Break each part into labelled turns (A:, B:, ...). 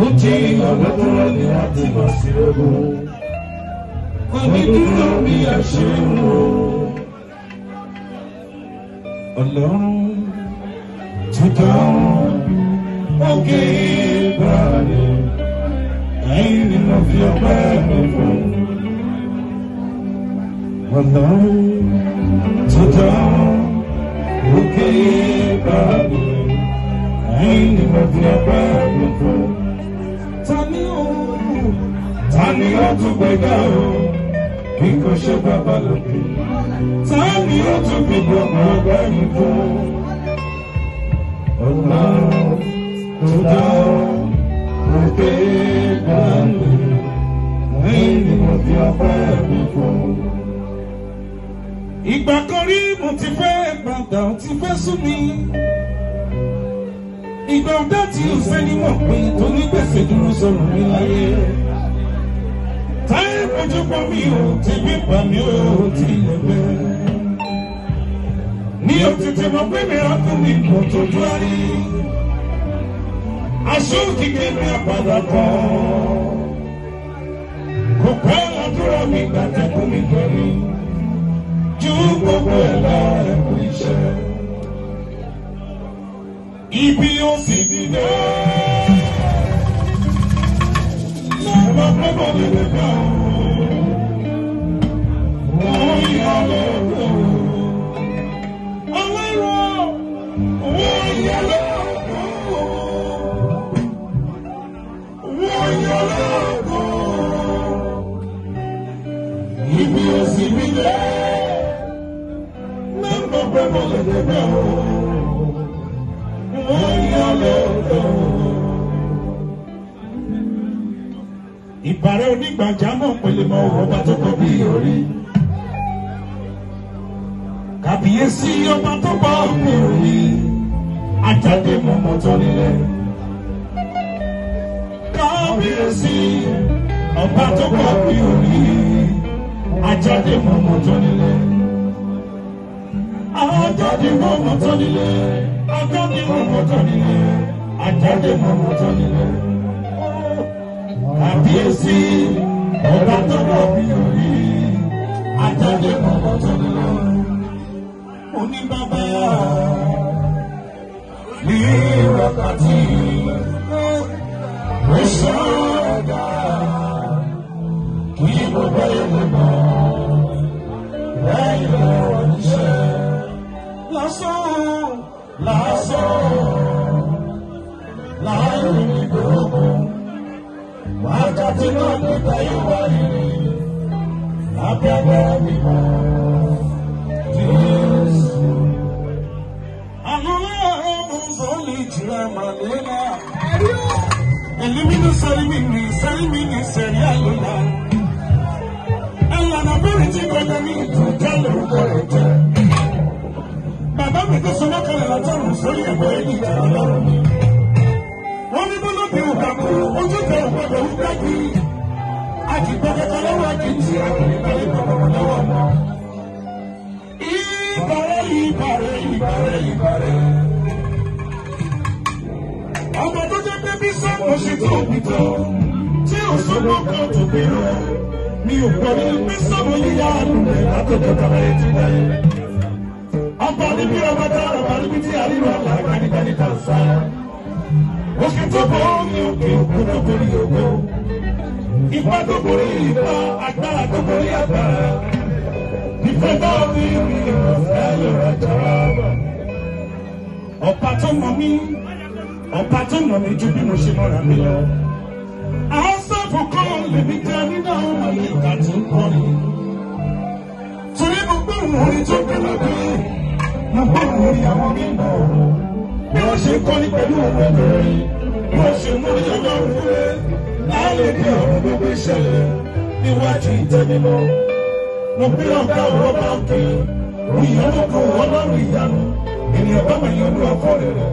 A: Uchi ọ̀dọ́tọ́rọ̀ ni a ti mọ̀ sí ogun. Onídúró bí a ṣe ń wo. Ọlọ́run ti dáhùn òkè ìbàdí. Ẹ̀yin ni mo fi ọpẹ́ mi fún. Ọlọ́run ti dáhùn òkè ìbàdí. Ẹ̀yin ta ni ó tún gbẹ̀gà o bí kò ṣe bàbá lòdì ta ni ó tún gbẹ̀gà ọ̀gá ẹ̀mí fún ọ̀la ọ̀la òde gbàǹdì lẹ́yìn ni mo ti ọpẹ́ mi fún. ìgbà kan rí mo ti fẹ́ gbàǹdà ó ti fẹ́ sún mi ìgbà ọ̀dá tí ìfẹ́ ni wọ́n pè tó nígbèsè dúró sọ̀rọ̀ mi láyé fojú pa mí o tèmi pa mí o tilẹ̀ bẹ́ẹ̀. ní òtítì mo pé mi ọkùnrin kò tó dúárí aṣọ òkìkí mi àpàdà pọ̀ kò pẹ́ lọ́dúrà mi gbàtẹ́kùn mi gbẹ̀mí ju gbogbo ẹ̀ lọ ẹ̀kú iṣẹ́ ibi ó sì dìde. Lọ́wọ́ pẹ́ bọ́ lè lè gbà ó. Ibi òsì mi lẹ́, ní gbogbo mo lè débẹ̀ o, mo yọ lọ́dọ̀. Ìbàrẹ̀ onígbàjámọ̀ pèlè mọ òrùba tó kọ bí orí kàbíyèsí ọba tó bá mi ò ní ajáde mọ́mọ́ tó nílẹ̀. kàbíyèsí ọba tó bá mi ò ní ajáde mọ́mọ́ tó nílẹ̀. ajáde mọ́mọ́ tó nílẹ̀ ajáde mọ́mọ́ tó nílẹ̀ ajáde mọ́mọ́ tó nílẹ̀. kàbíyèsí ọba tó bá mi ò ní ajáde mọ́mọ́ tó nílẹ̀ ní bàbá ní wákàtí ó sọ̀dà kí gbogbo ewu mọ̀ lẹ́yìn ọ̀rọ̀ níṣẹ́ lásán lásán láàyè ní gbogbo wákàtí náà nígbà yóò wáyé abẹ́rẹ́ mi mọ́. jilamalena elimini salimini salimini serialola ẹlànà bẹ̀rẹ̀ tí gbọ́dọ̀ mi tún tẹlẹ òkèrè jẹ bàbá mi tó sọmọ kalẹ̀ látọrùn sórí ẹgbẹ́ ẹni ìjà Ọlọ́run mi wọn ní bọlọ bí òkà kú ojú tẹ òkàdé òkàdé àjìgbọkẹtọ lọ́wọ́ àjìjì àgbẹnìkàlẹ sọ́kàn ṣe tó òbí tọ́ tí ò sọ́kàn kan tó bí lọ mi ò gbọ́ nínú pé sọ́kàn yíyá àdúgbò látọ̀jọ́ bàbá yẹn ti wáyé. ọba níbi ọba tá ọba níbi tí àríwá àlá gbanígbaní tá a sá. òkè tó bọ́ ní òkè òkú tó borí ògbó. ìfà tó borí ìfà agbára tó borí agbára. ìfẹ́ náà ní ìrìn ìrọ̀lẹ́ yóò rà jàrá. ọ̀pá tó mọ̀ mí ọba tó mọ̀ mí ju bí mo ṣe mọ̀ra mi lọ. àwọn sọ́ọ̀bù kan lèmi ga nínú àwọn àlè ìgbà tó ń kọ́ ni. torí mo gbé òun orin tó gbé lọ bí mo gbé òun orin àwọn mímọ́ bí wọ́n ṣe kọ́ ní pẹ̀lú òun obìnrin bí wọ́n ṣe mú ní ọlọ́run pé láàlè bí ọ̀rọ̀ gbogbo ìṣẹ̀lẹ̀ níwájú ìtẹ́mímọ́ mo gbé ọ̀gá ọ̀rọ̀ bá ń pè é ìyọ́nù kan ọlọ́run ìyanu ènìyàn bá mọ̀ ìyọ́nù ọkọ rẹ̀ rẹ̀.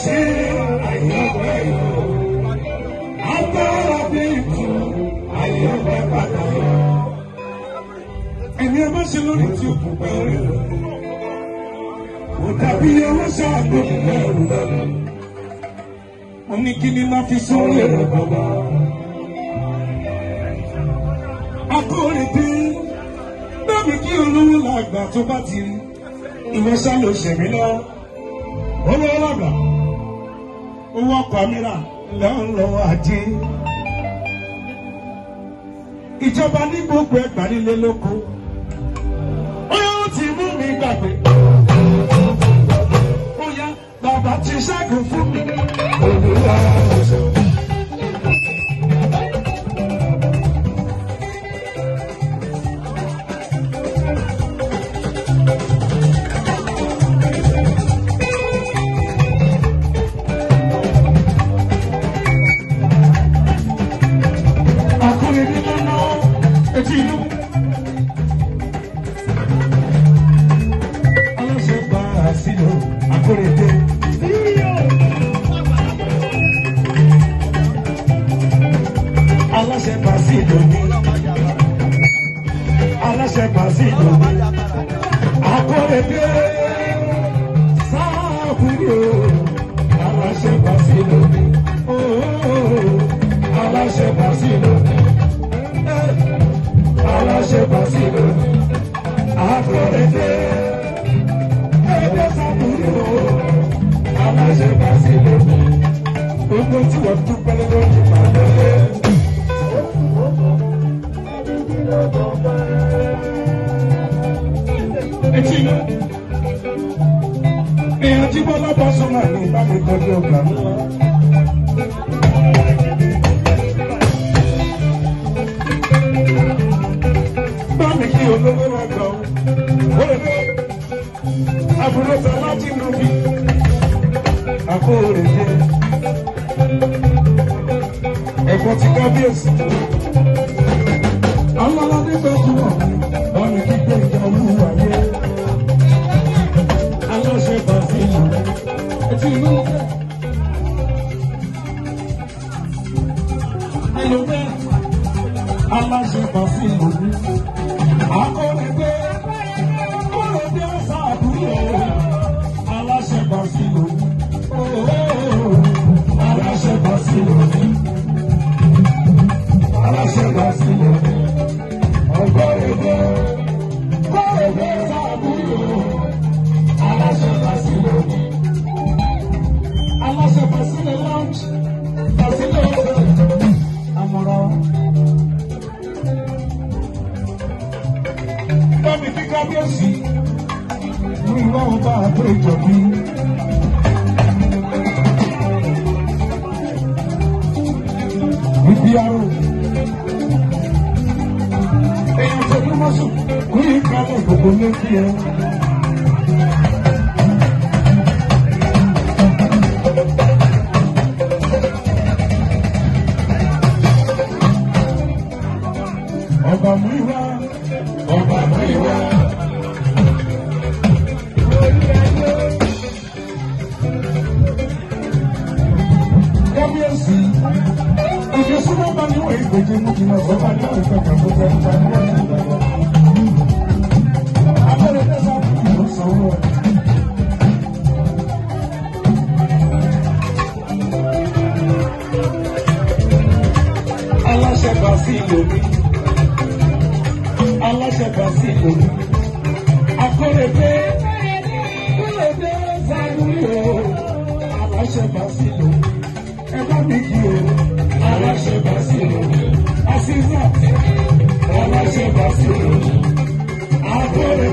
A: ṣe àyọ̀pẹ̀ yọ. Agbára bí ìtú àyọ̀pẹ̀ padà yọ. Ẹni ẹ má ṣe lórí ti òkú pẹ̀lú. Kò dàbí ọlọ́ṣà àgbègbè lẹ́rù lọ́nà. Mo ní kí ni máa fi sórí ẹ̀rọ bàbá. Akóre dé. Bẹ́ẹ̀ni kí olówó làgbà tó bá ti rí. Ìwọ́sá ló ṣẹ̀mí lọ. Olówó làgbà owó ọkọ̀ mi rà lọ́nlọ́wọ́ ajé. ìjọba ní gbogbo ẹgbàá nílé lóko ó yóò ti mú mi gbàgbé. ó bàbá ti ṣẹ́gun fún mi. òwúrọ̀ ọ̀sán. aláṣẹ pàṣípò ni aláṣẹ pàṣípò ni akọ́rẹ́dé sáàkúrò aláṣẹ pàṣípò ni aláṣẹ pàṣípò ni aláṣẹ pàṣípò ni akọ́rẹ́dé ẹgbẹ́ sáàkúrò aláṣẹ pàṣípò ni gbogbo tí wọ́n dúpẹ́ lọ́wọ́ ìpàdé. Etí ni èèyàn tí Bọ́lá bá sọ̀rọ̀ àná ìbámu tọ́jú ọgbà mú. Bámi kí olówó rẹ̀ gbọ́, ó lè fẹ́ àbúrò sọ láti nù mí, àbúrò rẹ̀ jẹ́ ẹ̀kọ́ ti kábíyèsí ọlọ́lọ́dé tó kú ọ̀hún ọ̀nà kíkẹ́ ìjọ olúwa yẹ. aláṣẹ bàtí ìlú etí ìlú. ẹlòmíràn aláṣẹ bàtí ìlú. was a Basile lunch. Basile Amoro. Bami fi kábíyèsí. Mi wá ọba àpéjọ bí. Ibi aró. Èèyàn tó ní mọ́sùn kú ìkàlẹ̀ gbogbo lé bí ẹ. Aláṣẹ kan sí ìlòmí, aláṣẹ kan sí ìlòmí, akọ́rẹ́dé, kọ́rẹ́dé sáré o, ẹ bá mi kí o, aláṣẹ kan sí náà. Ọlọ́ṣẹ́ bá sí i. Àbúrò.